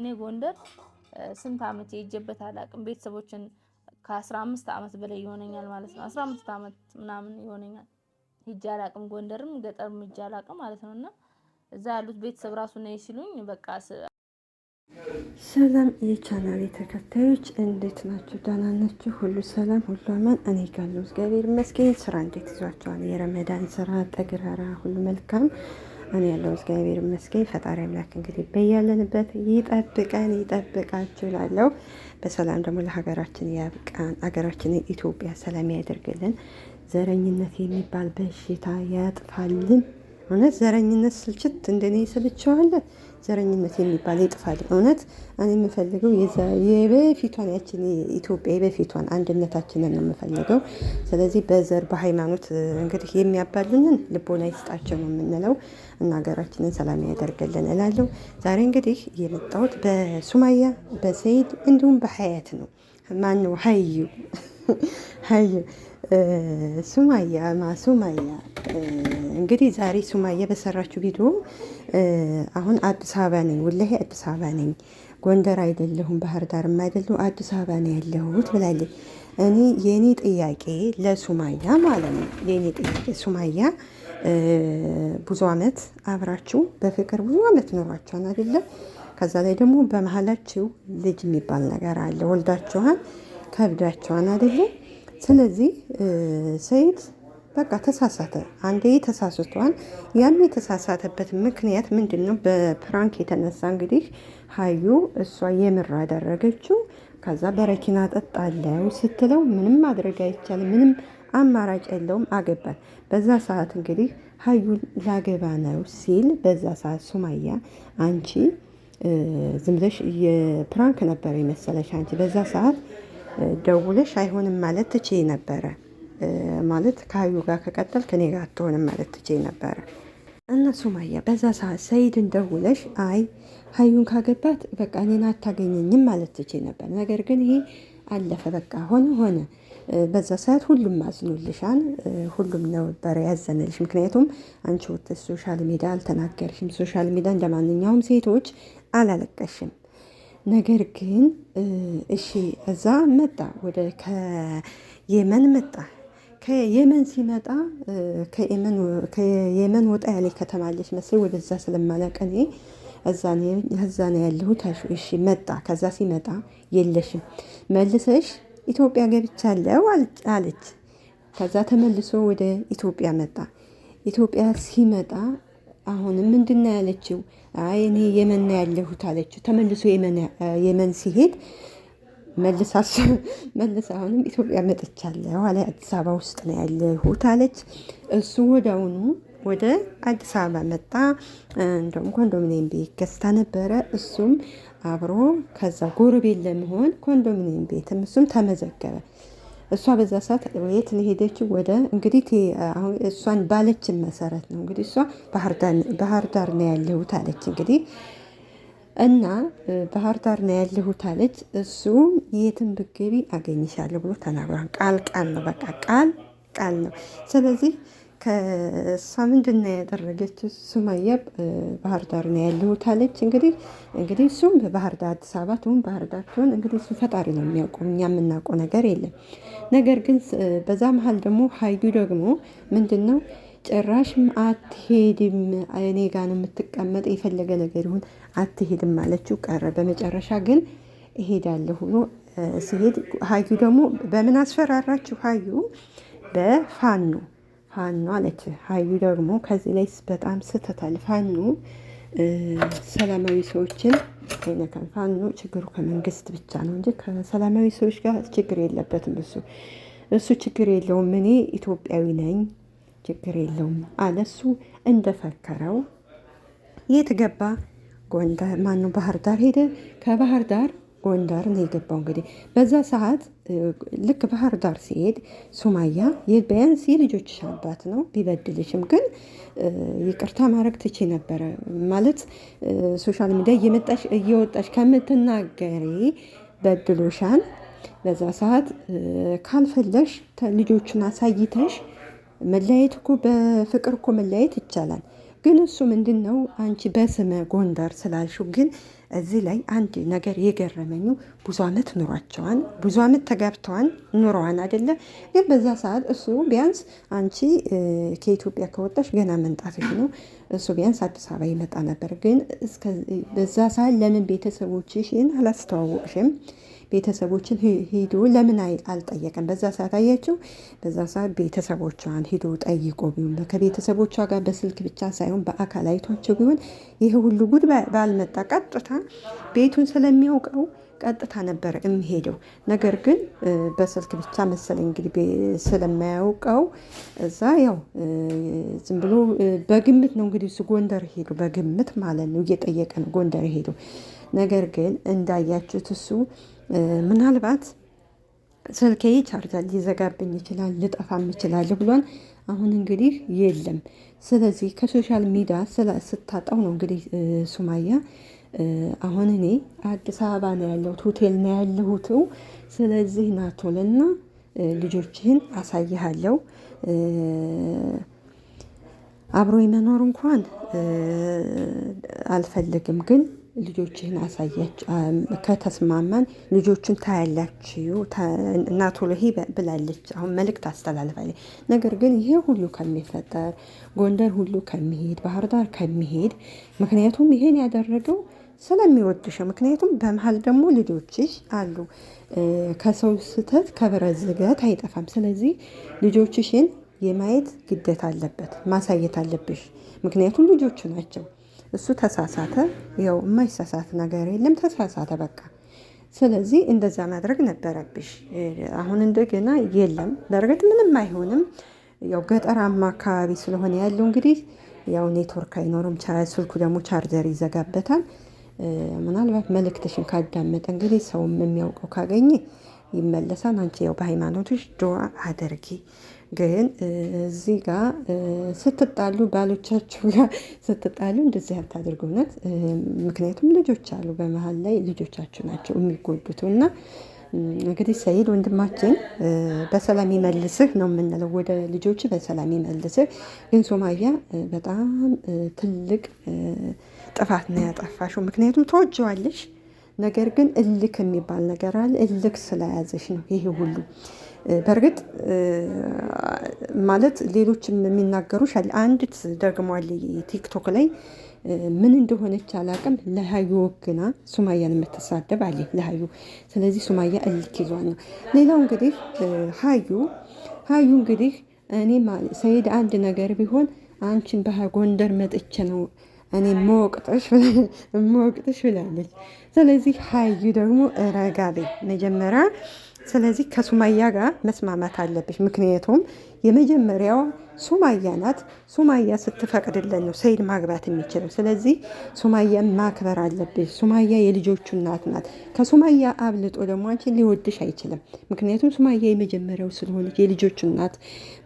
እኔ ጎንደር ስንት ዓመት የሄጄበት አላቅም። ቤተሰቦችን ከ15 ዓመት በላይ ይሆነኛል ማለት ነው። 15 ዓመት ምናምን ይሆነኛል ሂጄ አላቅም። ጎንደርም ገጠርም ሂጄ አላቅም ማለት ነው። እና እዛ ያሉት ቤተሰብ ራሱ ነይ ሲሉኝ በቃ ሰላም የቻናል ተከታዮች እንዴት ናችሁ? ደህና ናችሁ? ሁሉ ሰላም፣ ሁሉ አማን። እኔ ጋር እግዚአብሔር ይመስገን። ስራ እንዴት ይዟቸዋል? የረመዳን ስራ ጠግረራ ሁሉ መልካም እኔ ያለው እግዚአብሔር ይመስገን። ፈጣሪ አምላክ እንግዲህ በያለንበት ይጠብቀን ይጠብቃችሁ እላለሁ። በሰላም ደግሞ ለሀገራችን ያብቃን። ሀገራችንን ኢትዮጵያ ሰላም ያደርግልን። ዘረኝነት የሚባል በሽታ ያጥፋልን። እውነት ዘረኝነት ስልችት እንደኔ ስልችዋለን ዘረኝነት የሚባል ይጥፋል። እውነት እኔ የምፈልገው የበፊቷን ያችን ኢትዮጵያ የበፊቷን አንድነታችንን ነው የምፈልገው። ስለዚህ በዘር በሃይማኖት እንግዲህ የሚያባልንን ልቦና ይስጣቸው ነው የምንለው እና ሀገራችንን ሰላም ያደርገልን እላለሁ። ዛሬ እንግዲህ የመጣሁት በሱማያ በሰይድ እንዲሁም በሀያት ነው። ማን ነው ሀዩ ሀዩ ሱማያ ማ ሱማያ እንግዲህ ዛሬ ሱማያ በሰራችው ቪዲዮ አሁን አዲስ አበባ ነኝ፣ ወላሂ አዲስ አበባ ነኝ፣ ጎንደር አይደለሁም፣ ባህር ዳርም አይደለሁ፣ አዲስ አበባ ነው ያለሁት ብላለች። እኔ የኔ ጥያቄ ለሱማያ ማለት ነው የኔ ጥያቄ ሱማያ ብዙ አመት አብራችሁ በፍቅር ብዙ አመት ኖሯችኋል አይደለም? ከዛ ላይ ደግሞ በመሀላችሁ ልጅ የሚባል ነገር አለ፣ ወልዳችኋን ከብዳችኋን አይደለም? ስለዚህ ሰይድ በቃ ተሳሳተ። አንዴ ተሳስቷል። ያም የተሳሳተበት ምክንያት ምንድን ነው? በፕራንክ የተነሳ እንግዲህ ሀዩ እሷ የምር አደረገችው። ከዛ በረኪና ጠጣለው ስትለው ምንም ማድረግ አይቻልም፣ ምንም አማራጭ የለውም፣ አገባል። በዛ ሰዓት እንግዲህ ሀዩ ላገባ ነው ሲል በዛ ሰዓት ሱማያ አንቺ ዝም ብለሽ የፕራንክ ነበር የመሰለሽ አንቺ በዛ ሰዓት ደውለሽ አይሆንም ማለት ትቼ ነበረ ማለት ከሀዩ ጋር ከቀጠል ከኔ ጋር አትሆንም ማለት ትቼ ነበረ። እና ሱማያ በዛ ሰዓት ሰይድ እንደውለሽ አይ ሀዩን ካገባት በቃ እኔን አታገኘኝም ማለት ትቼ ነበር። ነገር ግን ይሄ አለፈ፣ በቃ ሆነ ሆነ። በዛ ሰዓት ሁሉም አዝኑልሻል፣ ሁሉም ነበረ ያዘነልሽ። ምክንያቱም አንቺ ወተ ሶሻል ሚዲያ አልተናገርሽም፣ ሶሻል ሚዲያ እንደ ማንኛውም ሴቶች አላለቀሽም። ነገር ግን እሺ እዛ መጣ ወደ ከየመን መጣ ከየመን ሲመጣ ከየመን ወጣ ያለ ከተማ አለች መሰለኝ። ወደዛ ስለማላውቅ እኔ እዛ ነው ያለሁት። እሺ መጣ። ከዛ ሲመጣ የለሽም መልሰሽ ኢትዮጵያ ገብቻለሁ አለች። ከዛ ተመልሶ ወደ ኢትዮጵያ መጣ። ኢትዮጵያ ሲመጣ አሁንም ምንድን ነው ያለችው? አይ እኔ የመን ነው ያለሁት አለችው። ተመልሶ የመን ሲሄድ መልሳስ መልስ አሁንም ኢትዮጵያ መጥቻለሁ አለ። አዲስ አበባ ውስጥ ነው ያለሁት አለች። እሱ ወዲያውኑ ወደ አዲስ አበባ መጣ። እንደውም ኮንዶሚኒየም ቤት ገዝታ ነበረ። እሱም አብሮ ከዛ ጎረቤት ለመሆን ኮንዶሚኒየም ቤትም እሱም ተመዘገበ። እሷ በዛ ሰዓት የት ነው ሄደችው? ወደ እንግዲህ አሁን እሷን ባለችን መሰረት ነው እንግዲህ እሷ ባህር ዳር ነው ያለሁት አለች እንግዲህ እና ባህር ዳር ነው ያለሁት አለች። እሱም የትን ብገቢ አገኝሻለሁ ብሎ ተናግሯል። ቃል ቃል ነው፣ በቃ ቃል ቃል ነው። ስለዚህ ከእሷ ምንድን ነው ያደረገችው? ሱመያ ባህር ዳር ነው ያለሁት አለች። እንግዲህ እንግዲህ እሱም በባህር ዳር አዲስ አበባ ትሁን ባህር ዳር ትሁን እንግዲህ እሱ ፈጣሪ ነው የሚያውቀው፣ እኛ የምናውቀው ነገር የለም። ነገር ግን በዛ መሀል ደግሞ ሀዩ ደግሞ ምንድን ነው ጭራሽም አትሄድም እኔ ጋ ነው የምትቀመጥ፣ የፈለገ ነገር ይሁን አትሄድም ማለችው ቀረ። በመጨረሻ ግን እሄዳለሁ ብሎ ሲሄድ ሀዩ ደግሞ በምን አስፈራራችሁ? ሀዩ በፋኑ ፋኖ አለች። ሀዩ ደግሞ ከዚህ ላይ በጣም ስተታል። ፋኑ ሰላማዊ ሰዎችን አይነካም። ፋኑ ችግሩ ከመንግስት ብቻ ነው እንጂ ከሰላማዊ ሰዎች ጋር ችግር የለበትም። እሱ እሱ ችግር የለውም። እኔ ኢትዮጵያዊ ነኝ ችግር የለውም አለ። እሱ እንደፈከረው የት ገባ? ጎንደር ማኑ ባህር ዳር ሄደ። ከባህር ዳር ጎንደር ነው የገባው። እንግዲህ በዛ ሰዓት ልክ ባህር ዳር ሲሄድ ሱማያ ቢያንስ የልጆች አባት ነው፣ ቢበድልሽም ግን ይቅርታ ማድረግ ትቼ ነበረ ማለት ሶሻል ሚዲያ እየመጣሽ እየወጣሽ ከምትናገሪ በድሎሻን በዛ ሰዓት ካልፈለሽ ልጆቹን አሳይተሽ መለያየት እኮ በፍቅር እኮ መለያየት ይቻላል። ግን እሱ ምንድን ነው አንቺ በስመ ጎንደር ስላልሹ ግን እዚህ ላይ አንድ ነገር የገረመኝ ብዙ ዓመት ኑሯቸዋን ብዙ ዓመት ተጋብተዋን ኑረዋን አይደለ? ግን በዛ ሰዓት እሱ ቢያንስ አንቺ ከኢትዮጵያ ከወጣሽ ገና መምጣትሽ ነው። እሱ ቢያንስ አዲስ አበባ ይመጣ ነበር። ግን በዛ ሰዓት ለምን ቤተሰቦችሽን አላስተዋወቅሽም? ቤተሰቦችን ሂዱ ለምን አልጠየቀም? በዛ ሰዓት አያችው፣ በዛ ሰዓት ቤተሰቦቿን ሂዶ ጠይቆ ቢሆን ከቤተሰቦቿ ጋር በስልክ ብቻ ሳይሆን በአካል አይቷቸው ቢሆን ይህ ሁሉ ጉድ ባልመጣ። ቀጥታ ቤቱን ስለሚያውቀው ቀጥታ ነበር የሚሄደው ነገር ግን በስልክ ብቻ መሰለኝ እንግዲህ ስለማያውቀው እዛ ያው ዝም ብሎ በግምት ነው እንግዲህ እሱ ጎንደር ሄዱ፣ በግምት ማለት ነው እየጠየቀ ነው ጎንደር ሄዱ። ነገር ግን እንዳያችሁት እሱ ምናልባት ስልኬ ይቻርጃል ሊዘጋብኝ ይችላል፣ ልጠፋም ይችላል ብሏል። አሁን እንግዲህ የለም። ስለዚህ ከሶሻል ሚዲያ ስታጣው ነው እንግዲህ ሱማያ አሁን እኔ አዲስ አበባ ነው ያለሁት፣ ሆቴል ነው ያለሁት። ስለዚህ ናቶልና ልጆችህን አሳይሃለሁ። አብሮ የመኖር እንኳን አልፈልግም ግን ልጆችህን አሳያች ከተስማማን ልጆቹን ታያላችሁ እናቶሎሄ ብላለች። አሁን መልእክት አስተላልፋለች። ነገር ግን ይሄ ሁሉ ከሚፈጠር ጎንደር ሁሉ ከሚሄድ ባህር ዳር ከሚሄድ ምክንያቱም ይሄን ያደረገው ስለሚወድሽ ምክንያቱም በመሀል ደግሞ ልጆችሽ አሉ። ከሰው ስህተት ከብረት ዝገት አይጠፋም። ስለዚህ ልጆችሽን የማየት ግደት አለበት ማሳየት አለብሽ። ምክንያቱም ልጆቹ ናቸው። እሱ ተሳሳተ። ያው የማይሳሳት ነገር የለም ተሳሳተ፣ በቃ ስለዚህ እንደዛ ማድረግ ነበረብሽ። አሁን እንደገና የለም። በእርግጥ ምንም አይሆንም። ያው ገጠራማ አካባቢ ስለሆነ ያለው እንግዲህ ያው ኔትወርክ አይኖርም፣ ስልኩ ደግሞ ቻርጀር ይዘጋበታል። ምናልባት መልእክትሽን ካዳመጠ እንግዲህ ሰውም የሚያውቀው ካገኘ ይመለሳል። አንቺ ያው በሃይማኖትሽ ዱዓ አድርጊ። ግን እዚህ ጋር ስትጣሉ ባሎቻችሁ ጋር ስትጣሉ እንደዚህ አታድርጉ። እውነት ምክንያቱም ልጆች አሉ በመሀል ላይ ልጆቻችሁ ናቸው የሚጎዱት እና እንግዲህ ሰይድ ወንድማችን በሰላም ይመልስህ ነው የምንለው። ወደ ልጆች በሰላም ይመልስህ። ግን ሶማያ በጣም ትልቅ ጥፋት ነው ያጠፋሽው። ምክንያቱም ተወጀዋለሽ ነገር ግን እልክ የሚባል ነገር አለ። እልክ ስለያዘሽ ነው ይሄ ሁሉ። በእርግጥ ማለት ሌሎችም የሚናገሩሽ አለ። አንዲት ደግሟል ቲክቶክ ላይ ምን እንደሆነች አላቅም። ለሀዩ ወግና ሱማያን የምትሳደብ አለ ለሀዩ። ስለዚህ ሱማያ እልክ ይዟል ነው። ሌላው እንግዲህ ሀዩ ሀዩ እንግዲህ እኔ ሰይድ አንድ ነገር ቢሆን አንቺን በጎንደር መጥቼ ነው እኔ መወቅጥሽ ብላለች። ስለዚህ ሀዩ ደግሞ ረጋቤ መጀመሪያ ስለዚህ ከሱማያ ጋር መስማማት አለብሽ። ምክንያቱም የመጀመሪያው ሱማያ ናት። ሱማያ ስትፈቅድለን ነው ሰይድ ማግባት የሚችለው። ስለዚህ ሱማያን ማክበር አለብሽ። ሱማያ የልጆቹ እናት ናት። ከሱማያ አብልጦ ደግሞ አንቺ ሊወድሽ አይችልም። ምክንያቱም ሱማያ የመጀመሪያው ስለሆነች የልጆቹ እናት፣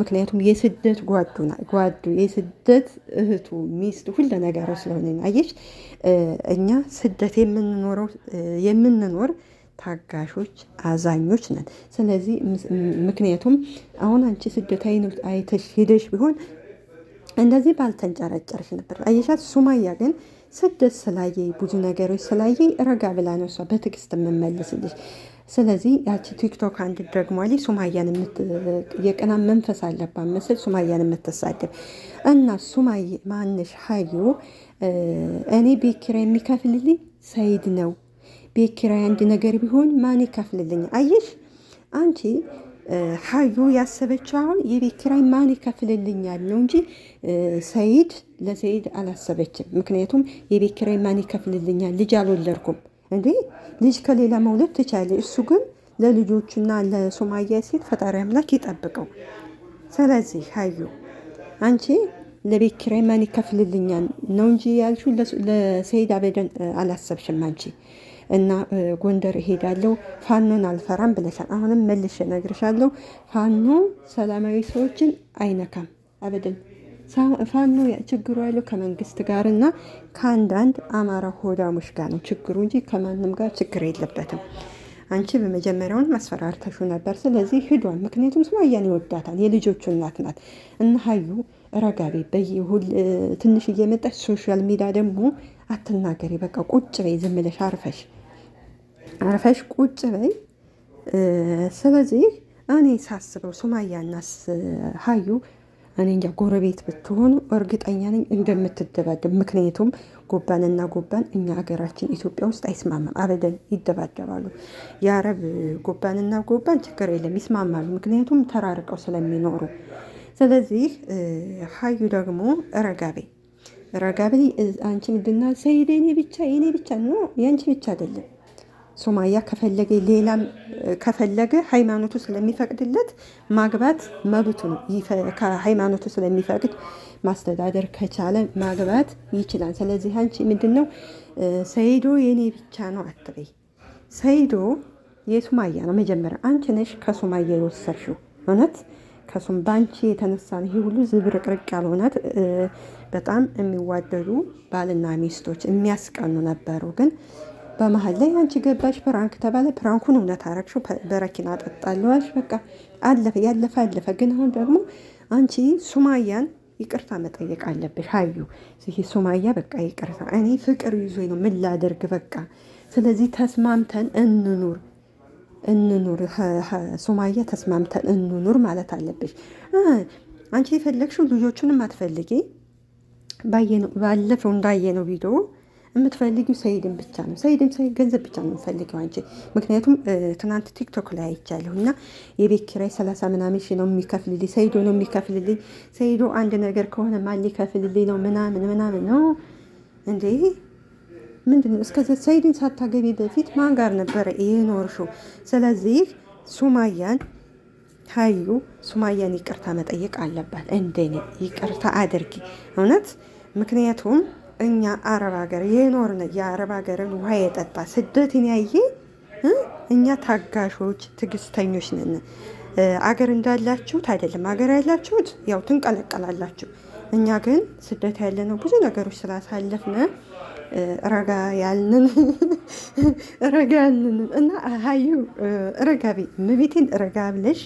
ምክንያቱም የስደት ጓዱ ጓዱ የስደት እህቱ ሚስት፣ ሁለ ነገሯ ስለሆነ አየሽ፣ እኛ ስደት የምንኖረው የምንኖር ታጋሾች፣ አዛኞች ነን። ስለዚህ ምክንያቱም አሁን አንቺ ስደት አይተሽ ሄደሽ ቢሆን እንደዚህ ባልተንጨረጨርሽ ነበር። አየሻት። ሱማያ ግን ስደት ስላየ ብዙ ነገሮች ስላየ ረጋ ብላ ነው እሷ በትዕግስት የምመልስልሽ። ስለዚህ ያቺ ቲክቶክ አንድ ደግሟል። ሱማያን የቅና መንፈስ አለባት መስል ሱማያን የምትሳደብ እና ሱማይ ማንሽ ሀዩ እኔ ቤት ኪራይ የሚከፍልልኝ ሰይድ ነው ቤት ኪራይ አንድ ነገር ቢሆን ማን ይከፍልልኝ? አየሽ አንቺ ሀዩ ያሰበችው አሁን የቤት ኪራይ ማን ይከፍልልኛል ነው እንጂ ሰይድ ለሰይድ አላሰበችም። ምክንያቱም የቤት ኪራይ ማን ይከፍልልኛል ልጅ አልወለድኩም እንዴ ልጅ ከሌላ መውለድ ትቻለ። እሱ ግን ለልጆቹና ለሶማያ ሴት ፈጣሪ አምላክ ይጠብቀው። ስለዚህ ሀዩ አንቺ ለቤት ኪራይ ማን ይከፍልልኛል ነው እንጂ ያልሹ ለሰይድ አበደን አላሰብሽም አንቺ እና ጎንደር እሄዳለሁ ፋኖን አልፈራም ብለሻል። አሁንም መልሼ እነግርሻለሁ፣ ፋኖ ሰላማዊ ሰዎችን አይነካም አበደን። ፋኖ ችግሩ ያለው ከመንግስት ጋር እና ከአንዳንድ አማራ ሆዳሞች ጋር ነው ችግሩ እንጂ ከማንም ጋር ችግር የለበትም። አንቺ በመጀመሪያውን ማስፈራርተሹ ነበር። ስለዚህ ሂዷን፣ ምክንያቱም ሱመያን ይወዳታል፣ የልጆቹ እናት ናት እና ሀዩ ረጋቤ በይሁል ትንሽ እየመጣች ሶሻል ሚዲያ ደግሞ አትናገሪ። በቃ ቁጭ በይ፣ ዝም ብለሽ አርፈሽ አርፈሽ ቁጭ በይ። ስለዚህ እኔ ሳስበው ሱማያና ሀዩ እኔ እንጃ ጎረቤት ብትሆኑ እርግጠኛ ነኝ እንደምትደባደብ። ምክንያቱም ጎባንና ጎባን እኛ ሀገራችን ኢትዮጵያ ውስጥ አይስማማም፣ አበደን ይደባደባሉ። የአረብ ጎባንና ጎባን ችግር የለም ይስማማሉ፣ ምክንያቱም ተራርቀው ስለሚኖሩ ስለዚህ ሀዩ ደግሞ ረጋቤ ረጋቤ አንቺ ምንድና ዘይድ የኔ ብቻ የኔ ብቻ ነው የአንቺ ብቻ አይደለም። ሶማያ ከፈለገ ሌላም ከፈለገ ሃይማኖቱ ስለሚፈቅድለት ማግባት መብቱ ነው። ከሃይማኖቱ ስለሚፈቅድ ማስተዳደር ከቻለ ማግባት ይችላል። ስለዚህ አንቺ ምንድን ነው ሰይዶ የኔ ብቻ ነው አትበይ። ሰይዶ የሱማያ ነው መጀመሪያ አንቺ ነሽ ከሱማያ የወሰርሽው እውነት ከሱም ባንቺ የተነሳ ነው ይሄ ሁሉ ዝብርቅርቅ ያልሆነት በጣም የሚዋደዱ ባልና ሚስቶች የሚያስቀኑ ነበሩ። ግን በመሀል ላይ አንቺ ገባሽ፣ ፕራንክ ተባለ። ፕራንኩን እውነት አረግሽው፣ በረኪና ጠጣለዋሽ። በቃ አለፈ፣ ያለፈ አለፈ። ግን አሁን ደግሞ አንቺ ሱማያን ይቅርታ መጠየቅ አለብሽ። ሀዩ ይሄ ሱማያ በቃ ይቅርታ፣ እኔ ፍቅር ይዞኝ ነው ምን ላደርግ፣ በቃ ስለዚህ ተስማምተን እንኑር እንኑር ሱማያ ተስማምተን እንኑር ማለት አለብሽ። አንቺ የፈለግሽው ልጆቹንም አትፈልጊ። ባለፈው እንዳየነው ቪዲዮ የምትፈልጊው ሰይድን ብቻ ነው። ሰይድም ሰይድ ገንዘብ ብቻ ነው የምፈልገው አንቺ። ምክንያቱም ትናንት ቲክቶክ ላይ አይቻለሁ እና የቤት ኪራይ ሰላሳ ምናምን ሺ ነው የሚከፍልልኝ ሰይዶ ነው የሚከፍልልኝ ሰይዶ አንድ ነገር ከሆነ ማን ሊከፍልልኝ ነው ምናምን ምናምን ነው እንዴ ምንድን ነው እስከ ሰይድን ሳታገቢ በፊት ማን ጋር ነበረ ይሄ የኖርሽው? ስለዚህ ሱማያን ሀዩ ሱማያን ይቅርታ መጠየቅ አለባት። እንደኔ ይቅርታ አድርጊ እውነት። ምክንያቱም እኛ አረብ ሀገር የኖርን የአረብ ሀገርን ውሃ የጠጣ ስደትን ያየ እኛ ታጋሾች፣ ትግስተኞች ነን። አገር እንዳላችሁት አይደለም። አገር ያላችሁት ያው ትንቀለቀላላችሁ። እኛ ግን ስደት ያለነው ብዙ ነገሮች ስላሳለፍነ ረጋ ያልንን ረጋ ያልንን እና ሀዩ ረጋቢ ቤ ምቤቴን ረጋ ብለሽ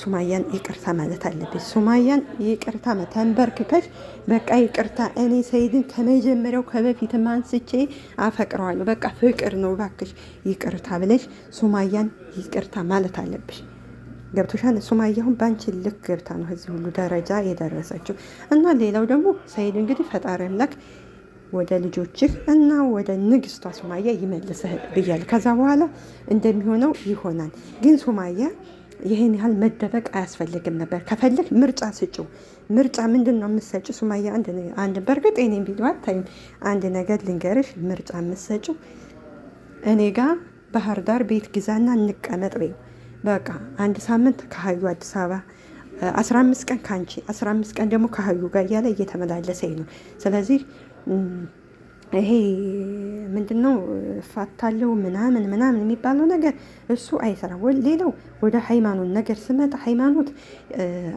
ሱማያን ይቅርታ ማለት አለብሽ። ሱማያን ይቅርታ ተንበርክከሽ በቃ ይቅርታ፣ እኔ ሰይድን ከመጀመሪያው ከበፊት ማንስቼ አፈቅረዋለሁ፣ በቃ ፍቅር ነው፣ እባክሽ ይቅርታ ብለሽ ሱማያን ይቅርታ ማለት አለብሽ። ገብቶሻል። ሱማያሁን በአንቺ ልክ ገብታ ነው እዚህ ሁሉ ደረጃ የደረሰችው። እና ሌላው ደግሞ ሰይድ እንግዲህ ፈጣሪ አምላክ ወደ ልጆችህ እና ወደ ንግስቷ ሱማያ ይመልስህ ብያል። ከዛ በኋላ እንደሚሆነው ይሆናል። ግን ሱማያ ይህን ያህል መደበቅ አያስፈልግም ነበር። ከፈልግ ምርጫ ስጭው። ምርጫ ምንድን ነው የምትሰጪ ሱማያ? አንድ በእርግጥ ኔም ቪዲዮ አታይም። አንድ ነገር ልንገርሽ፣ ምርጫ የምትሰጪው እኔ ጋ ባህር ዳር ቤት ግዛና እንቀመጥ በይው። በቃ አንድ ሳምንት ከሀዩ አዲስ አበባ አስራ አምስት ቀን ከአንቺ አስራ አምስት ቀን ደግሞ ከሀዩ ጋር እያለ እየተመላለሰ ነው። ስለዚህ ይሄ ምንድነው ፋታለው ምናምን ምናምን የሚባለው ነገር እሱ አይሰራም። ሌላው ወደ ሃይማኖት ነገር ስመጣ ሃይማኖት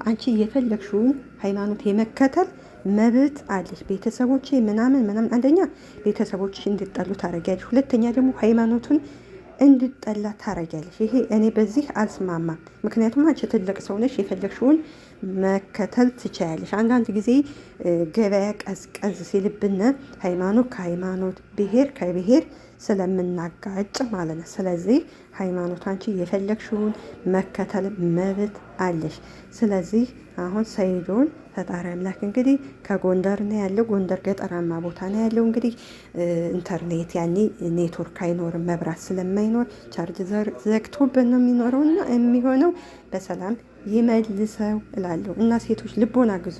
አንቺ እየፈለግሽውን ሃይማኖት የመከተል መብት አለች። ቤተሰቦች ምናምን ምናምን አንደኛ ቤተሰቦች እንድጠሉ ታረጊያለሽ፣ ሁለተኛ ደግሞ ሃይማኖቱን እንድጠላ ታረጊያለሽ። ይሄ እኔ በዚህ አልስማማም። ምክንያቱም አንቺ ትልቅ ሰው ነሽ የፈለግሽውን መከተል ትችያለሽ። አንዳንድ ጊዜ ገበያ ቀዝቀዝ ሲልብን ሃይማኖት ከሃይማኖት ብሄር ከብሄር ስለምናጋጭ ማለት ነው። ስለዚህ ሃይማኖት አንቺ የፈለግሽውን መከተል መብት አለሽ። ስለዚህ አሁን ሰይዶን ፈጣሪ አምላክ እንግዲህ ከጎንደር ነው ያለው። ጎንደር ገጠራማ ቦታ ነው ያለው። እንግዲህ ኢንተርኔት ያኔ ኔትወርክ አይኖርም፣ መብራት ስለማይኖር ቻርጅ ዘግቶብን ነው የሚኖረውና የሚሆነው በሰላም ይመልሰው እላለሁ እና ሴቶች ልቦና ግዙ።